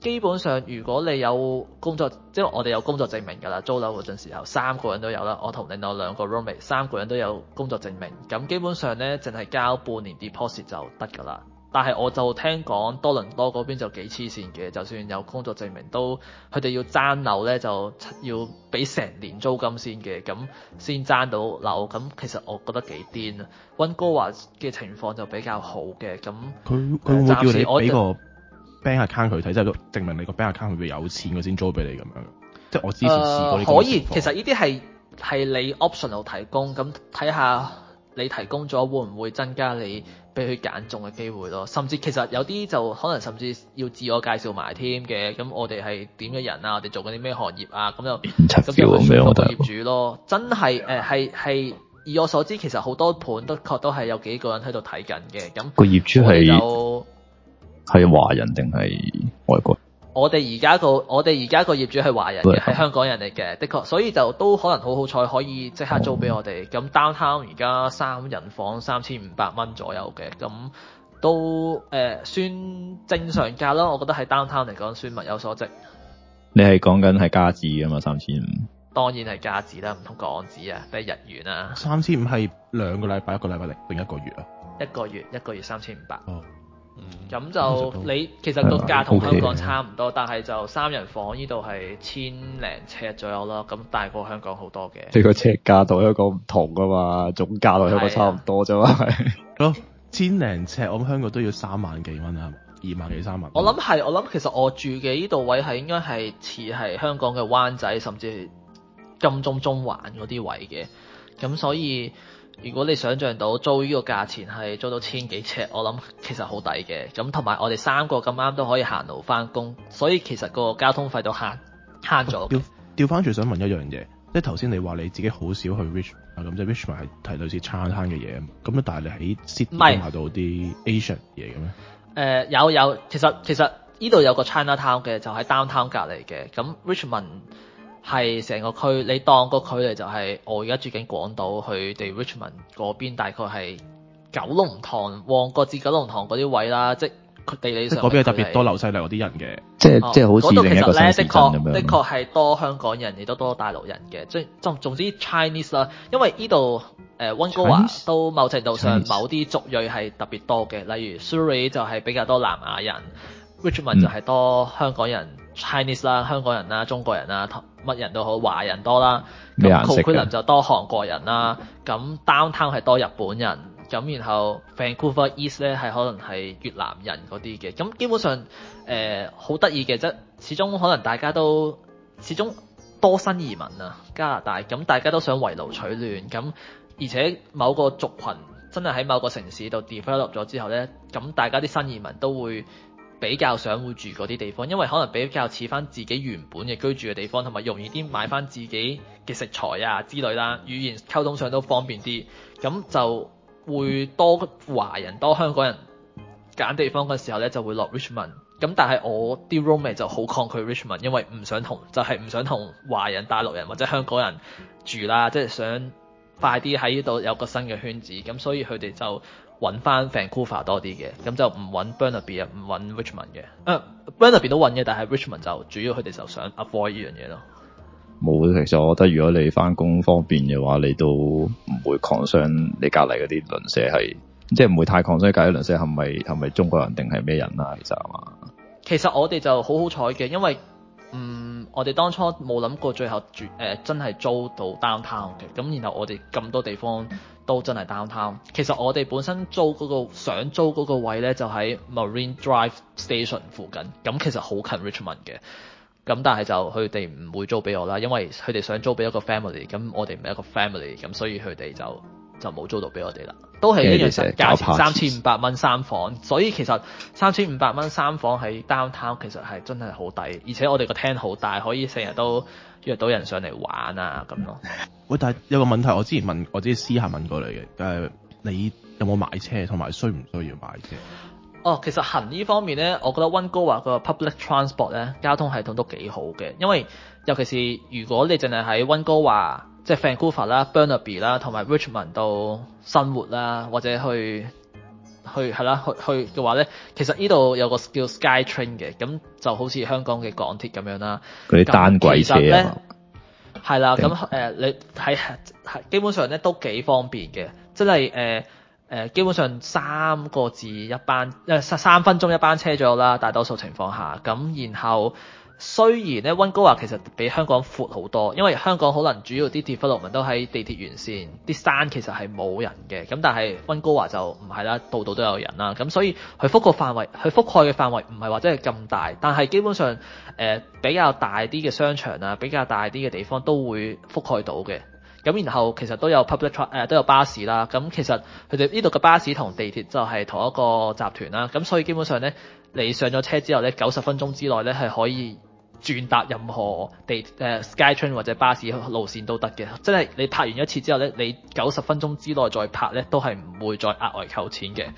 基本上如果你有工作，即係我哋有工作證明㗎啦，租樓嗰陣時候，三個人都有啦，我同另外兩個 roommate，三個人都有工作證明，咁基本上呢，淨係交半年 deposit 就得㗎啦。但係我就聽講多倫多嗰邊就幾黐線嘅，就算有工作證明都，佢哋要爭樓咧就要俾成年租金先嘅，咁先爭到樓。咁其實我覺得幾癲啊！溫哥華嘅情況就比較好嘅，咁佢佢會叫你俾個 bank account 佢睇，即係就證明你個 bank account 會唔會有錢佢先租俾你咁樣。呃、即係我之前試過你可以，其實呢啲係係你 optional 提供，咁睇下你提供咗會唔會增加你。俾佢揀中嘅機會咯，甚至其實有啲就可能甚至要自我介紹埋添嘅，咁我哋係點嘅人啊，我哋做緊啲咩行業啊，咁就咁樣樣，我覺得業主咯，真係係係以我所知。其實好多盤的確都係有幾個人喺度睇緊嘅，咁個業主係係華人定係外國？我哋而家個我哋而家個業主係華人嘅，係香港人嚟嘅，的確，所以就都可能好好彩可以即刻租俾我哋。咁、哦、downtown 而家三人房三千五百蚊左右嘅，咁都誒、呃、算正常價咯，我覺得喺 downtown 嚟講算物有所值。你係講緊係加紙㗎嘛？三千五，當然係加紙啦，唔通港紙啊，定日元啊？三千五係兩個禮拜一個禮拜嚟定一個月啊？一個月，一個月三千五百。哦。咁就，就都你其實個價同香港差唔多，okay。但係就三人房呢度係千零尺左右囉。咁大過香港好多嘅。即個尺價同香港唔同噶嘛，總價落香港差唔多啫嘛。係、啊。 千零尺，我諗香港都要三萬幾蚊啊，二萬幾三萬我。我諗係，我諗其實我住嘅呢度位係應該係似係香港嘅灣仔，甚至金鐘中環嗰啲位嘅。咁所以。如果你想象到租呢個價錢係租到千幾尺，我諗其實好抵嘅。咁同埋我哋三個咁啱都可以行路翻工，所以其實個交通費都慳慳咗嘅。調調翻轉想問一樣嘢，即係頭先你話你自己好少去 Rich 咁即係 Richmond 係睇似餐攤嘅嘢，咁但係你喺 City 買到啲 Asian 嘢嘅咩？誒有有，其實其實呢度有個 China Town 嘅，就喺 Downtown 隔離嘅，咁 Richmond。係成個區，你當個距離就係、是、我而家住緊港島，佢哋 Richmond 嗰邊大概係九龍塘旺角至九龍塘嗰啲位啦，即係地理上係。即係嗰邊係特別多流西嚟嗰啲人嘅，即係是即係好似而家新市鎮咁樣。嗰度其實咧，的確的確係多香港人，亦都多大陸人嘅，即總之 Chinese 啦。因為呢度誒溫哥華都某程度上某啲族裔係特別多嘅，例如 Surrey 就係比較多南亞人。Richmond 嗯、就係多香港人 Chinese 啦，香港人啦，中國人啦，乜人都好，華人多啦。咁 Coquitlam 就多韓國人啦，咁 Downtown 係多日本人，咁然後 Vancouver East 咧係可能係越南人嗰啲嘅。咁基本上誒好得意嘅啫，始終可能大家都始終多新移民啊加拿大，咁大家都想圍爐取暖，咁而且某個族群真係喺某個城市度 develop 咗之後呢，咁大家啲新移民都會，比較想會住嗰啲地方，因為可能比較似返自己原本嘅居住嘅地方，同埋容易啲買返自己嘅食材啊之類啦，語言溝通上都方便啲，咁就會多華人多香港人揀地方嘅時候呢，就會落 Richmond，咁但係我啲 roommate 就好抗拒 Richmond，因為唔想同就係唔想同華人大陸人或者香港人住啦，即係想快啲喺呢度有個新嘅圈子，咁所以佢哋就。搵翻 VanCouver 多啲嘅，咁就唔搵 Burnaby 唔搵 Richmond 嘅。Uh, b u r n a b y 都搵嘅，但係 Richmond 就主要佢哋就想 avoid 呢樣嘢咯。冇，其實我覺得如果你翻工方便嘅話，你都唔會擴傷你隔離嗰啲鄰舍係，即係唔會太擴隔睇鄰舍係咪係咪中國人定係咩人啊？其實係嘛？其實我哋就好好彩嘅，因為。嗯，我哋當初冇諗過最後住、呃、真係租到 Downtown 嘅，咁然後我哋咁多地方都真係 Downtown。其實我哋本身租嗰、嗰個想租嗰個位呢，就喺 Marine Drive Station 附近，咁其實好近 Richmond 嘅，咁但係就佢哋唔會租俾我啦，因為佢哋想租俾一個 family，咁我哋唔係一個 family，咁所以佢哋就。就冇租到俾我哋啦，都係一樣價錢三千五百蚊三房，所以其實三千五百蚊三房喺 downtown 其實係真係好抵，而且我哋個廳好大，可以成日都約到人上嚟玩啊咁咯。喂，但係有個問題，我之前問我自己私下問過你嘅，誒，你有冇買車同埋需唔需要買車？哦，其實行呢方面咧，我覺得溫哥華個 public transport 咧交通系統都幾好嘅，因為尤其是如果你淨係喺溫哥華。即係 Vancouver 啦、Burnaby 啦，同埋 Richmond 度生活啦，或者去去係啦，去去嘅話咧，其實呢度有個叫 SkyTrain 嘅，咁就好似香港嘅港鐵咁樣啦。佢啲單軌車啊。係、嗯、啦，咁誒、呃，你喺係基本上咧都幾方便嘅，即係誒基本上三個字一班，三、呃、三分鐘一班車左右啦，大多數情況下，咁然後。雖然咧，温哥華其實比香港闊好多，因為香港可能主要啲 development 都喺地鐵沿線，啲山其實係冇人嘅，咁但係温哥華就唔係啦，度度都有人啦，咁所以佢覆嘅範圍，佢覆蓋嘅範圍唔係話真係咁大，但係基本上誒比較大啲嘅商場啊，比較大啲嘅地方都會覆蓋到嘅，咁然後其實都有 public truck、呃、都有巴士啦，咁其實佢哋呢度嘅巴士同地鐵就係同一個集團啦，咁所以基本上呢，你上咗車之後呢，九十分鐘之內呢，係可以。轉搭任何地、呃、SkyTrain 或者巴士路線都得嘅，即係你拍完一次之後呢，你九十分鐘之內再拍呢，都係唔會再額外扣錢嘅。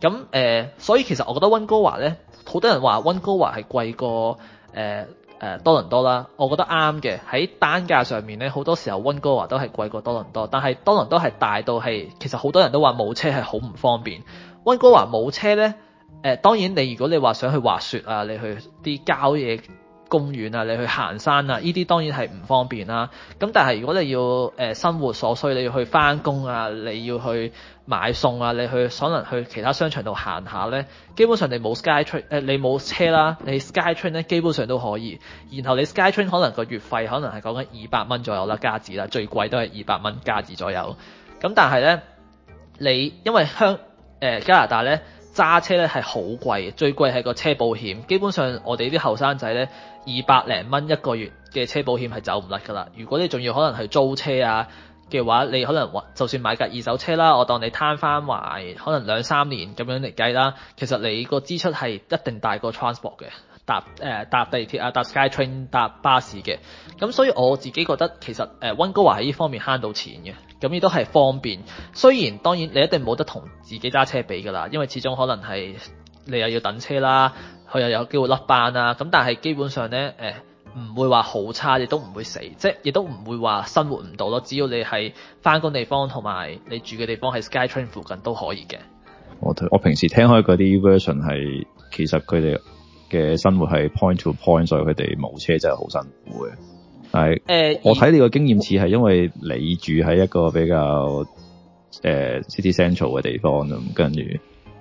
咁、呃、所以其實我覺得温哥華呢，好多人話温哥華係貴過誒誒、呃呃、多倫多啦，我覺得啱嘅喺單價上面呢，好多時候温哥華都係貴過多倫多，但係多倫多係大到係其實好多人都話冇車係好唔方便。温哥華冇車呢、呃，當然你如果你話想去滑雪啊，你去啲郊野公園啊，你去行山啊，呢啲當然係唔方便啦、啊。咁但係如果你要誒、呃、生活所需，你要去返工啊，你要去買餸啊，你去可能去其他商場度行下呢，基本上你冇 Skytrain、呃、你冇車啦，你 Skytrain 咧基本上都可以。然後你 Skytrain 可能個月費可能係講緊二百蚊左右啦，加紙啦，最貴都係二百蚊加紙左右。咁但係呢，你因為香誒、呃、加拿大呢，揸車呢係好貴，最貴係個車保險。基本上我哋啲後生仔呢。二百零蚊一個月嘅車保險係走唔甩㗎啦。如果你仲要可能係租車啊嘅話，你可能就算買架二手車啦，我當你攤翻埋可能兩三年咁樣嚟計啦，其實你個支出係一定大過 transport 嘅，搭、呃、搭地鐵啊，搭 SkyTrain 搭巴士嘅。咁所以我自己覺得其實、呃、溫哥華喺呢方面慳到錢嘅，咁亦都係方便。雖然當然你一定冇得同自己揸車比㗎啦，因為始終可能係你又要等車啦。佢又有機會甩班啊，咁但係基本上咧，欸、唔會話好差，亦都唔會死，即係亦都唔會話生活唔到咯。只要你係翻工地方同埋你住嘅地方喺 Skytrain 附近都可以嘅。我我平時聽開嗰啲 version 係，其實佢哋嘅生活係 point to point，所以佢哋冇車真係好辛苦嘅。係，欸、我睇你個經驗似係因為你住喺一個比較、呃、city central 嘅地方咁，跟住。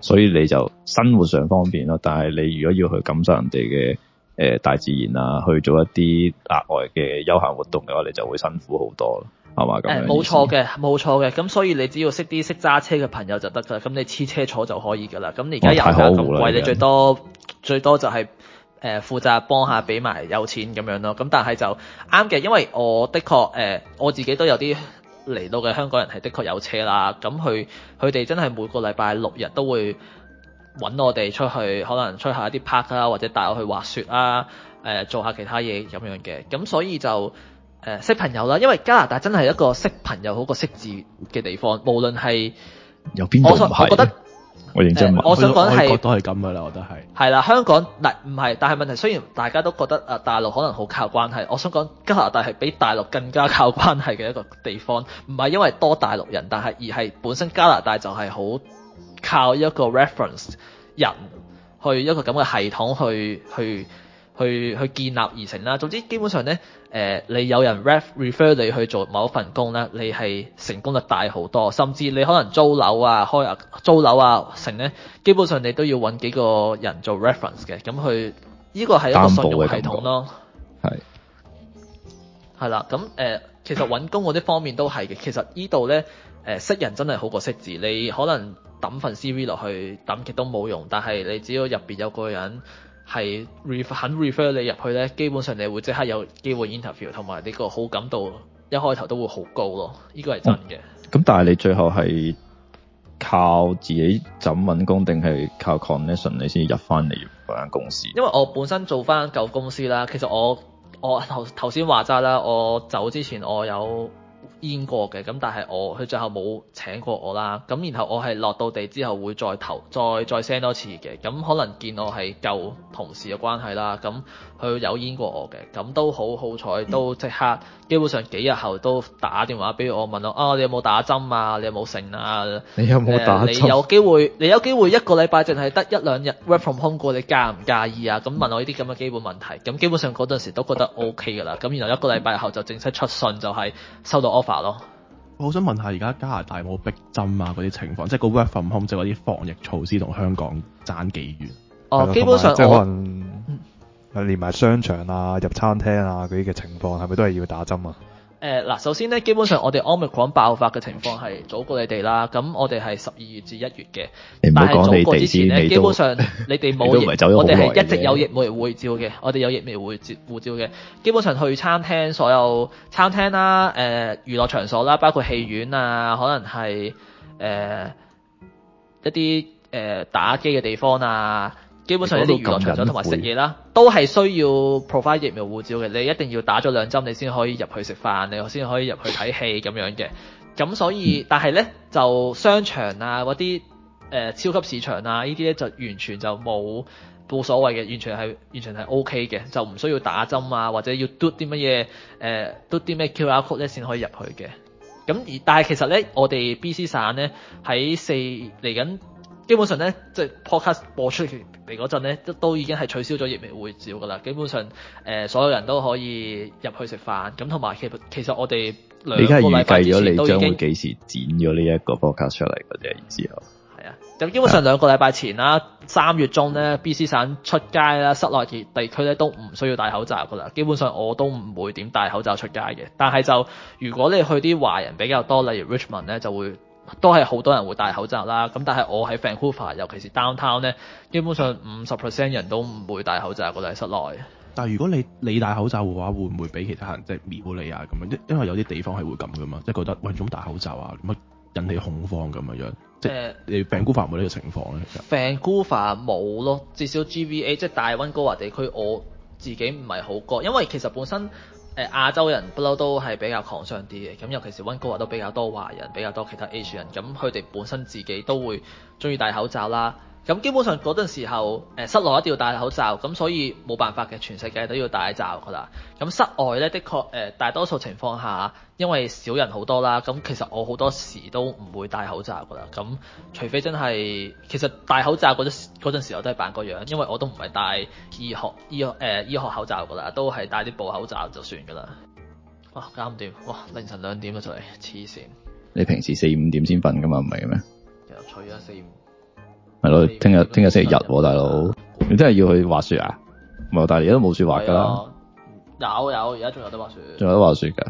所以你就生活上方便咯，但係你如果要去感受人哋嘅、呃、大自然啊，去做一啲額外嘅休閒活動嘅話，你就會辛苦好多咯，係嘛、欸？誒，冇錯嘅，冇錯嘅。咁所以你只要識啲識揸車嘅朋友就得㗎啦，咁你黐車坐就可以㗎啦。咁而家油價咁貴，你最多在最多就係、是、誒、呃、負責幫下，俾埋有錢咁樣咯。咁但係就啱嘅，因為我的確誒、呃、我自己都有啲。嚟到嘅香港人係的確有車啦，咁佢佢哋真係每個禮拜六日都會揾我哋出去，可能出下啲 park 啦，或者帶我去滑雪啊，誒、呃、做下其他嘢咁樣嘅，咁所以就誒識、呃、朋友啦，因為加拿大真係一個識朋友好過識字嘅地方，無論係有邊度唔係。我，欸、我想講係，都係咁噶啦，我都係。係啦，香港，但唔係，但係問題雖然大家都覺得啊，大陸可能好靠關係。我想講加拿大係比大陸更加靠關係嘅一個地方，唔係因為多大陸人，但係而係本身加拿大就係好靠一個 reference 人去一個咁嘅系統去去。去去建立而成啦。總之基本上呢，誒、呃、你有人 ref refer 你去做某一份工啦，你係成功率大好多。甚至你可能租樓啊、開啊、租樓啊成呢，基本上你都要揾幾個人做 reference 嘅。咁佢呢個係一個信用系統咯。係係啦，咁誒、呃、其實揾工嗰啲方面都係嘅。 其實呢度呢，誒、呃、識人真係好過識字。你可能抌份 CV 落去抌極都冇用，但係你只要入面有個人，係 ref 肯 refer 你入去咧，基本上你會即刻有機會 interview，同埋你個好感度一開頭都會好高咯，呢個係真嘅。咁、嗯、但係你最後係靠自己怎揾工，定係靠 connection 你先入翻嚟嗰間公司？因為我本身做翻舊公司啦，其實我我頭頭先話齋啦，我走之前我有。煙過嘅，咁但係我佢最後冇請過我啦，咁然後我係落到地之後會再投，再再 send 多次嘅，咁可能見我係舊同事嘅關係啦，咁。佢有煙過我嘅，咁都好好彩，都即刻基本上幾日後都打電話俾我問我啊，你有冇打針啊？你有冇剩啊？你有冇打針、呃？你有機會，你有機會一個禮拜淨係得一兩日 work from home 過，你介唔介意啊？咁問我呢啲咁嘅基本問題，咁基本上嗰陣時都覺得 O K 嘅啦。咁然後一個禮拜後就正式出信，就係、是、收到 offer 咯。我好想問下，而家加拿大有冇逼針啊？嗰啲情況，即係個 work from home 即係啲防疫措施同香港爭幾遠？哦，基本上有即係可能我。連埋商場啊、入餐廳啊嗰啲嘅情況，係咪都係要打針啊？誒嗱、呃，首先咧，基本上我哋 Omicron 爆發嘅情況係早過你哋啦。咁我哋係十二月至一月嘅，你唔好講但係早過之前咧，都基本上你哋冇，是我哋係一直有疫苗護照嘅，我哋有疫苗護照嘅。基本上去餐廳、所有餐廳啦、誒、呃、娛樂場所啦，包括戲院啊，可能係誒、呃、一啲誒、呃、打機嘅地方啊。基本上一啲娛樂場所同埋食嘢啦，都係需要 provide 疫苗護照嘅。你一定要打咗兩針，你先可以入去食飯，你先可以入去睇戲咁樣嘅。咁所以，嗯、但係咧就商場啊嗰啲、誒超級市場啊呢啲咧就完全就冇冇所謂嘅，完全係完全係 OK 嘅，就唔需要打針啊或者要嘟啲乜嘢誒嘟啲咩 QR code 咧先可以入去嘅。咁而但係其實咧，我哋 B C 省咧喺四嚟緊。基本上咧，即係 podcast 播出嚟嗰陣咧，都都已經係取消咗疫苗會照㗎啦。基本上，誒所有人都可以入去食飯。咁同埋，其實其實我哋兩個禮拜之前都已經，你而家預計咗你將會幾時剪咗呢一個 podcast 出嚟嗰啲之後？係啊，就基本上兩個禮拜前啦，三月中咧，BC 省出街啦，室內熱地區咧都唔需要戴口罩㗎啦。基本上我都唔會點戴口罩出街嘅。但係就如果你去啲華人比較多，例如 Richmond 咧，就會。都係好多人會戴口罩啦，咁但係我喺 Vancouver，尤其是 downtown 呢，基本上五十 percent 人都唔會戴口罩，嗰度喺室內。但係如果你你戴口罩嘅話，會唔會俾其他人即係、就是、瞄你啊咁樣？因因為有啲地方係會咁噶嘛，即、就、係、是、覺得喂，點戴口罩啊？乜引起恐慌咁樣樣即係、呃、你 Vancouver 冇呢個情況咧？Vancouver 冇咯，至少 GVA 即係大溫哥華地區，我自己唔係好覺，因為其實本身。誒亞洲人不嬲都係比較狂上啲嘅，咁尤其是溫哥華都比較多華人，比較多其他亞裔人，咁佢哋本身自己都會中意戴口罩啦。咁基本上嗰陣時候，誒室內一定要戴口罩，咁所以冇辦法嘅，全世界都要戴口罩噶啦。咁室外呢，的確誒、呃、大多數情況下，因為少人好多啦，咁其實我好多時都唔會戴口罩噶啦。咁除非真係，其實戴口罩嗰陣嗰陣時候都係扮個樣，因為我都唔係戴醫學醫誒、呃、醫學口罩噶啦，都係戴啲布口罩就算噶啦。哇，搞掂！哇，凌晨兩點就嚟，黐線！你平時四五點先瞓噶嘛，唔係咩？除咗四五。係咯，聽日聽日星期日喎，大佬，你真係要去滑雪,雪滑啊？冇但而家都冇雪滑噶啦。有有，而家仲有得滑雪。仲有得滑雪啊、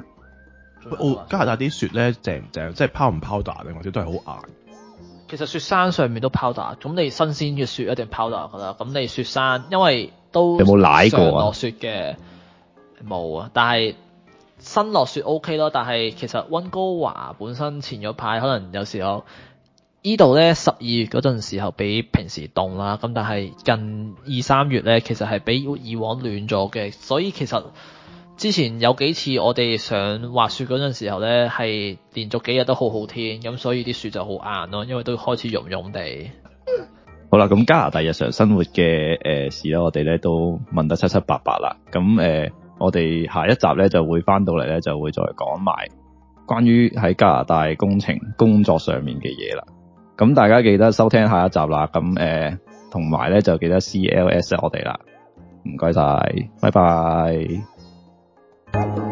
哦？加拿大啲雪咧，正唔正？即係 pow 唔 powder w 或者都係好硬。其實雪山上面都 powder，咁你新鮮嘅雪一定 powder，w 噶啦。咁你雪山，因為都常落雪嘅，冇啊。但係新落雪 OK 咯，但係其實温哥華本身前咗排，可能有時候。依度咧，十二月嗰陣時候比平時凍啦，咁但係近二三月咧，其實係比以往暖咗嘅，所以其實之前有幾次我哋上滑雪嗰陣時候咧係連續幾日都好好天，咁所以啲雪就好硬咯，因為都開始融融地。好啦，咁加拿大日常生活嘅誒、呃、事啦，我哋咧都問得七七八八啦，咁誒、呃、我哋下一集咧就會翻到嚟咧就會再講埋關於喺加拿大工程工作上面嘅嘢啦。咁大家記得收聽下一集啦，咁誒，同埋呢就記得 CLS 我哋啦，唔該晒，拜拜。